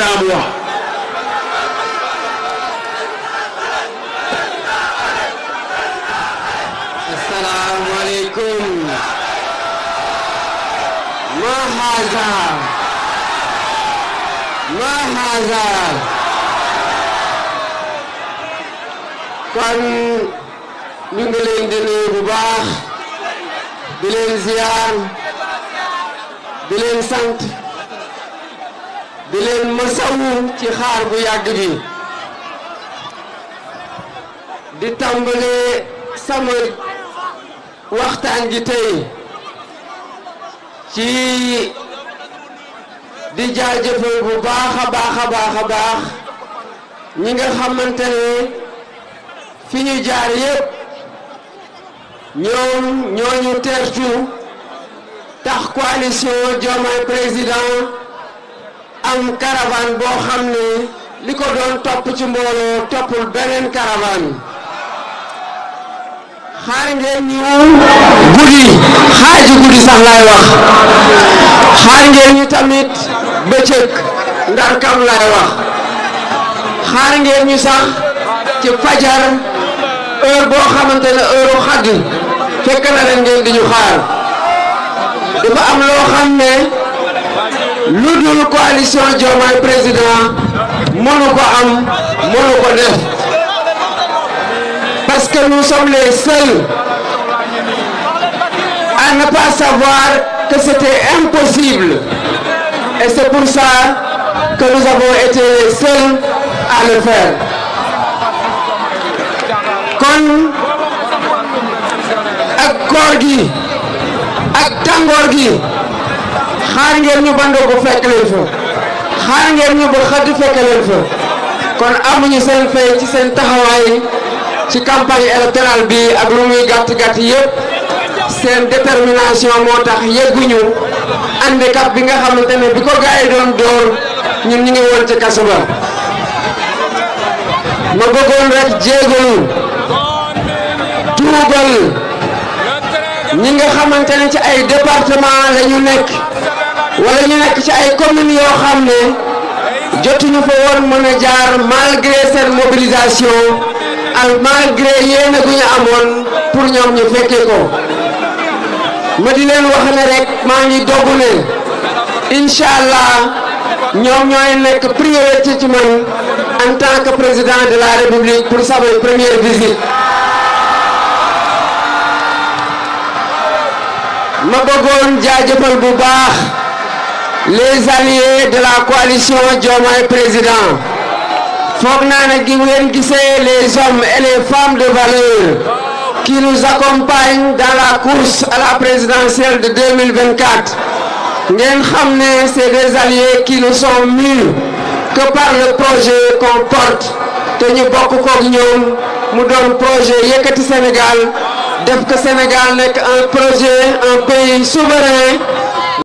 damuwa assalamu alaikum mahaza mahaza kon ñu ngi leen di nuyu bu baax di leen ziar di leen sant di leen masawu ci xaar bu yàgg bi di tàmbalee sama waxtaan gi tey ci di jaajëfal bu baax a baax a baax a baax ñi nga xamante fi ñu jaar yépp ñoom ñooñu tertu tax coalition Diomaye Président am caravane boo xam ne li ko doon topp ci mbooloo toppul beneen caravane xaar ngeen ñu guddi xaaji guddi sax laay wax xaar ngeen ñu tamit bëccëg ndar kam laay wax xaar ngeen ñu sax ci fajar heure boo xamante ne heure u xagg fekk na leen ngeen di ñu xaar dafa am loo xam ne de la coalition Jomai, président monoko am parce que nous sommes les seuls à ne pas savoir que c'était impossible et c'est pour ça que nous avons été les seuls à le faire Comme à Gorgi, à tangorgi, xaar ngeen ñu bando ko fekk leen fa xaar ngeen ñu ba xaddu fekk leen fa kon amuñu seen fay ci seen taxaway ci campagne électorale bi ak lu muy gatt gatt yépp seen détermination mo tax yegguñu handicap bi nga xamante ne bi ko gaay doon door ñun ñi ngi woon ci kaso ba ma bëggoon rek jéegalu tuugal ñi nga xamante ne ci ay département la ñu nekk wala ñu nekk ci ay communes yoo xam ne jotuñu fa woon mën a jaar malgré seen mobilisation ak malgré yéene gu ñu amoon pour ñoom ñu fekkee ko ma di leen wax ne rek maa ngi dogg ne incha allah ñoom ñooy nekk priorité ci man en tant président de la république pour samay première visite. les alliés de la coalition Diomaye Président Fognane les hommes et les femmes de valeur qui nous accompagnent dans la course à la présidentielle de 2024 nous sommes c'est des alliés qui nous sont mûrs que par le projet qu'on porte Nous beaucoup de nous, nous projet Yekati Sénégal def que Sénégal nekk un projet un pays souverain